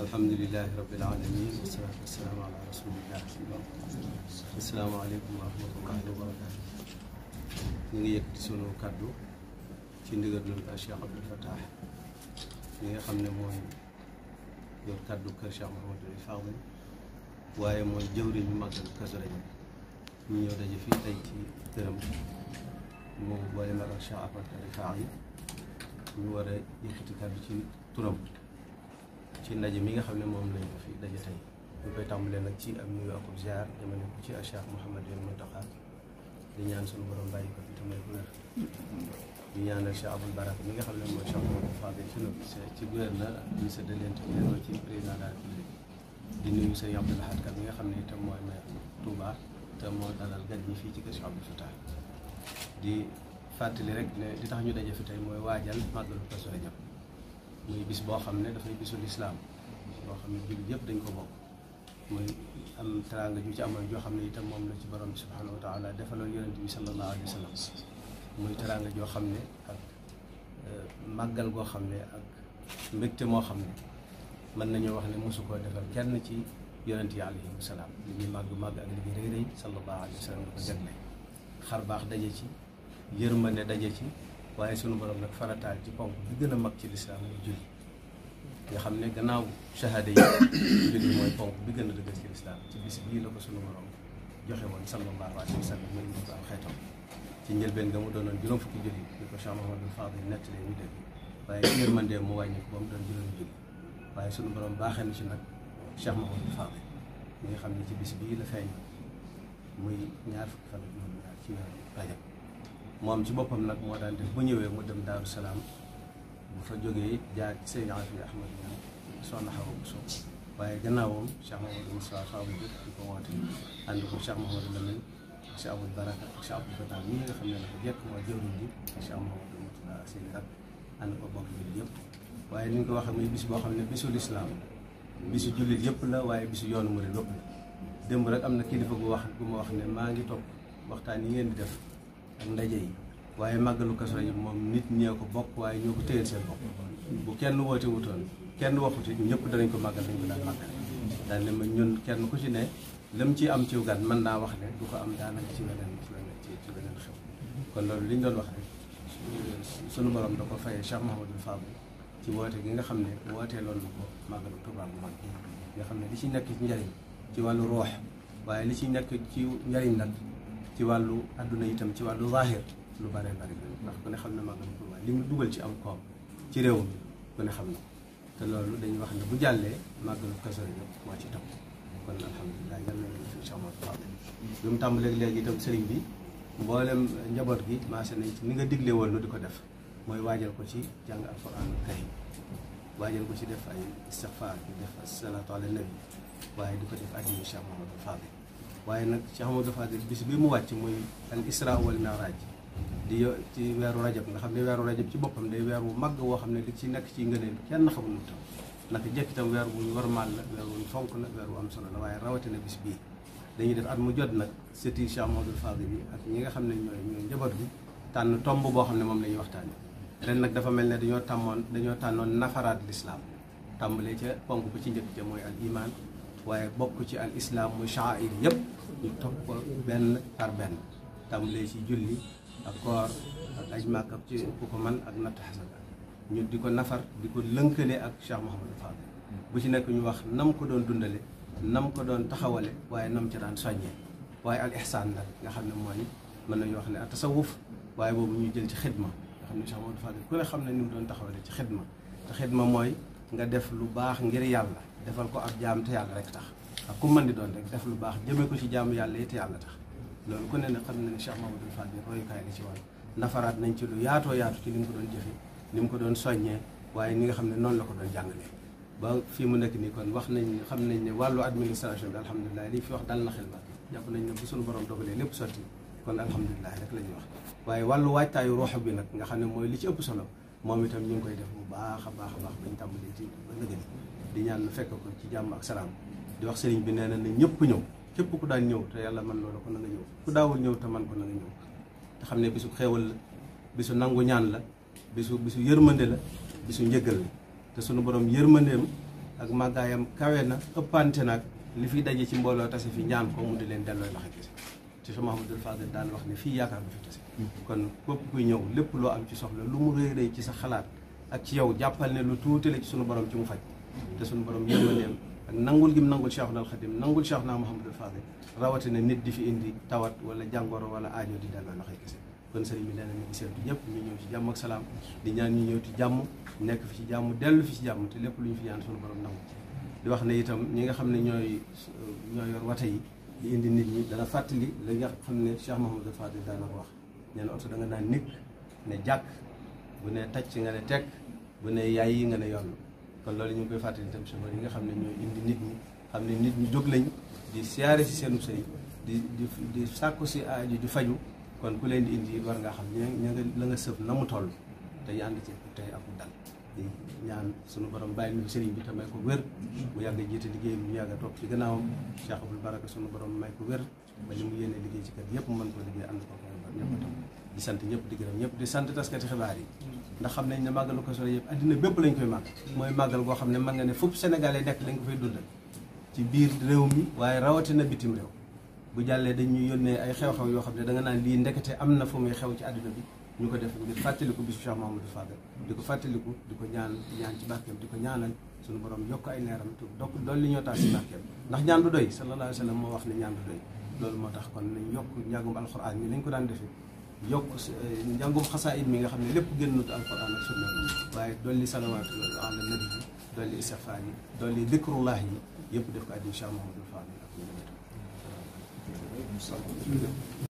alhamdulilahi rabbil alamin wasalaatu wasalaamu ala rasulillah wa rahmatullahi wa barakatu ñu ngi yëkkati sunu kàddu ci ndigalul Cheikh Abdou Fatah mi nga xam ne mooy yor kàddu kër Cheikh Mouhamadou waaye mooy jëwriñu màggal Kazu Rajab ñu ñëw daje fii tey ci këram moom boole mag ak Cheikh Abdou yi ñu war yëkkati kàddu ci turam ci ndaje mi nga xam ne moom lañu fi daje tey ñu koy tàmbalee nag ci ab nuyu akub ziar demane ko ci Cheikh Mouhamed Yoon Muntaxa di ñaan suñu borom bàyyi ko fi te may ko wér di ñaanal nga xam ne mooy Cheikh Mouhamed Fadel ci nag ci gouverneur ak ministre de l'intérieur ci président di nuyu sëñ Abdoul Ahad nga xam ne itam mooy maire Touba te moo dalal gan ñi fii ci kër Cheikh Abdou Fatah di fàttali rek ne di tax ñu daje fi tey mooy waajal màggalu Kazu Rajab muy bis boo xam ne dafay bisu lislaam boo xam ne jullit yëpp dañ ko bokk muy am teraanga ju ci amal joo xam ne itam moom la ci borom bi subhaanahu wa taala defaloon yonent bi sallallahu alayhi wa sallam muy teraanga joo xam ne ak euh, màggal goo xam ne ak mbégte moo xam ne mën nañoo wax ne mosu koo defal kenn ci yonent yi alayhim salaam li ñuy màgg màgg ak li ñuy rëy rëy sallallahu alayhi wa sallam ko jagle xar baax daje ci yërmande daje ci waaye sunu boroom nag farataal ci ponk bi gën a mag ci lislaam muy julli nga xam ne gannaaw shahada yi julli mooy ponk bi gën a dëgër ci lislaam ci bis bii la ko sunu borom joxe woon sallallahu alayhi wa sallam muy mu ko am xeetam ci njëlbeen nga mu doonoon juróom fukki julli di ko Cheikh Mahamadou Fadil nettalee ñu dégg waaye yërmande mu wàññi ko ba mu doon juróomi julli waaye sunu borom baaxee na ci nag Cheikh Mahamadou Fadil mi nga xam ne ci bis bii la feeñ muy ñaar fukki fan ak juróom ñaar ci weeru rajab moom ci boppam nag moo daan def bu ñëwee mu dem Daaru Salaam bu fa jógee jaar ci Seydi Afiya Ahmad ñaan soxna Xawa Bousso waaye gannaawam Cheikh Mahamadou Moussa Faw bi di ko woote ànd ko Cheikh Mahamadou Lamine ak Cheikh Abdou Baraka ak Cheikh Abdou Fatah ñi nga xam ne naka jekk moo jëwriñ ji ak Cheikh Mahamadou Moutala seen ko bokk jullit yëpp waaye ni ñu ko waxee muy bis boo xam ne bisu lislaam bisu jullit yëpp la waaye bisu yoonu murid yëpp la démb rek am na kilifa gu wax gu wax ne maa ngi topp waxtaan yi ngeen di def ak ndaje yi waaye màggalu Kazu Rajab moom nit ñee ko bokk waaye ñoo ko téyeel seen bopp bu kenn woote wutoon kenn waxuti ñëpp danañ ko màggal dañ ko daan màggal daal ne ñun kenn ku ci ne lam ci am ciw gan mën naa wax ne du ko am daanaka ci weneen ci weneen ci weneen xew kon loolu doon wax sunu borom da ko fayee Cheikh Mouhamadou Fabou ci woote gi nga xam ne wootee loolu na ko màggalu Tuubaa bu xam ne li ci nekk ci njariñ ci wàllu roox waaye li ci nekk ci njariñ nag ci wàllu àdduna itam ci wàllu zaahir lu bare bare ndax ku ne xam ne Magal Touba li mu dugal ci am koom ci réew mi ku ne xam na te loolu dañuy wax ne bu jàllee màgg Kazu Rajab moo ci topp kon alhamdulilah yal nañu fi Cheikh Mouhamadou mu tàmbalee léegi itam sëriñ bi mboolem njaboot gi maase nañ ci ni nga digle woon nu di ko def mooy waajal ko ci jàng alquran karim waajal ko ci def ay istixfaar di def salaatu ala nabi waaye di ko def addiya Cheikh Mouhamadou Fadel waaye nag Cheikh Amadou Fadil bis bi mu wàcc muy al isra wal miraaj di ci weeru rajab nga xam ne weeru rajab ci boppam day weer wu màgg woo xam ne li ci nekk ci ngëneel kenn xamul lu tax naka jekk itam weer wuñ warmal la weer wuñ la weer wu solo la waaye rawatina bis bii dañuy def at mu jot nag sëti Cheikh Amadou Fadil bi ñi nga xam ne ñooy njaboot bi tànn tomb boo xam ne moom lañuy ñuy waxtaane ren nag dafa mel ne dañoo tàmmoon dañoo tànnoon nafaraat lislaam tàmbalee ca ponk ba ci njëkk ca mooy al iman waaye bokk ci al islam muy sha'ir yëpp ñu topp ko benn par benn tàmbalee ci julli ak koor ak aj Makka ci ku ko man ak natt xasaka di ko nafar di ko lënkale ak Cheikh Mouhamadou bu ci nekk ñu wax nam ko doon dundale nam ko doon taxawale waaye nam ci daan waaye al ihsaan nag nga xam ne mooy mën nañu wax ne a tasawuf waaye boobu ñu jël ci xidma nga xam ne Cheikh Mouhamadou Fadel ku ne xam ne ni mu doon taxawale ci xidma te xidma mooy nga def lu baax ngir yàlla defal ko ab jaam te yàlla rek tax ak ku mën di doon rek def lu baax jëmee ko ci jaamu yàlla yi te yàlla tax loolu ku ne ne xam na ne Cheikh Mamadou Fall bi royukaay la ci wàll nafaraat nañ ci lu yaatoo yaatu ci ni mu ko doon jëfe ni mu ko doon soññee waaye ni nga xam ne noonu la ko doon jàngalee ba fii mu nekk nii kon wax nañ xam nañ ne wàllu administration bi alhamdulilah li fi wax dal na xel ba jàpp nañ ne bu suñu borom dogalee lépp sotti kon alhamdulilah rek la ñuy wax waaye wàllu waajtaayu ruux bi nag nga xam ne mooy li ci ëpp solo moom itam ñu ngi koy def bu baax a baax a baax bañ tàmbalee ci ba di ñaan lu fekk ko ci jàmm ak salaam di wax sëriñ bi nee na ne ñëpp ñëw képp ku daan ñëw te yàlla man loolu ko na nga ñëw ku daawul ñëw te man ko na nga ñëw te xam ne bisu xéewal la bisu nangu ñaan la bisu bisu yërmande la bisu njëgal la te sunu borom yërmandeem ak màggaayam kawe na ëppante nag li fi daje ci mbooloo tase fi ñaan ko mu di leen delloo laxe gis ci sama Mahamadul Fadil daan wax ne fii yaakaar bu fi tase kon képp kuy ñëw lépp loo am ci soxla lu mu rëy ci sa xalaat ak ci yow jàppal ne lu tuuti la ci sunu borom ci mu faj te suñu borom yërmandeem ak nangul gim nangul Cheikhul Khadim nangul Cheikh naa Mouhamadul Fadil rawatina nit di fi indi tawat wala jàngooro wala aajo di dal loxoy kese kon sëriñ bi nee ñëpp ñu ñëw ci jàmm ak salaam di ñaan ñu ñëw ci jàmm nekk fi ci jàmm dellu fi ci jàmm te lépp lu ñu fi ñaan suñu borom nangu di wax ne itam ñi nga xam ne ñooy ñoo yor wata yi indi nit ñi dana fàttali li nga xam ne Cheikh Mouhamadul Fadil daana ko wax nee na oto da nga naan nikk ne jàkk bu ne tacc nga ne tekk bu ne yaay yi nga ne yoll kon loolu ñu ngi koy fàttali itam chauffeur yi nga xam ne ñooy indi nit ñi xam ne nit ñi jóg lañ di siyaare si seenu sëy di di di sàkku si yi di faju kon ku leen di indi war ngaa xam ne ña nga la nga sëf na mu toll te yànd ci tey ak mu dal di ñaan suñu borom bàyyi ñu sëriñ bi te may ko wér mu yàgg jiite liggéey mu yàgg a topp ci gannaaw Cheikh Abdou Baraka sunu borom may ko wér ba li mu yéene liggéey ci kër yëpp mën koo liggéey ànd ko di sant ñëpp di gërëm ñëpp di sant taskati xibaar yi ndax xam nañ ne màggalu ko Rajab yëpp addina bépp lañ koy màgg mooy màggal goo xam ne mën nga ne foofu sénégalais nekk lañ ko fay dundal ci biir réew mi waaye rawatina bitim réew bu jàllee dañuy yónnee ay xew-xew yoo xam ne da nga naan lii ndekete am na fu muy xew ci àdduna bi ñu ko def ngir fàttaliku bisu Cheikh Mahamadou Fadal di ko fàttaliku di ko ñaan ñaan ci barkeem di ko ñaanal suñu borom yokk ay leeram te donc loolu li ñoo tax ci barkeem ndax ñaan du doy sallallahu alayhi moo wax ne ñaan loolu moo tax kon nañ yokk njàngum alxuraan mi lañ ko daan defee yokk eh, njàngum xasaayid mi nga xam ne lépp génnut a ak sunna waaye dolli salawaatu ala nabi yi dolli istighfaar yi dolli dikrullah yi yëpp def ko addi Cheikh Mouhamadou Fadil ak ñu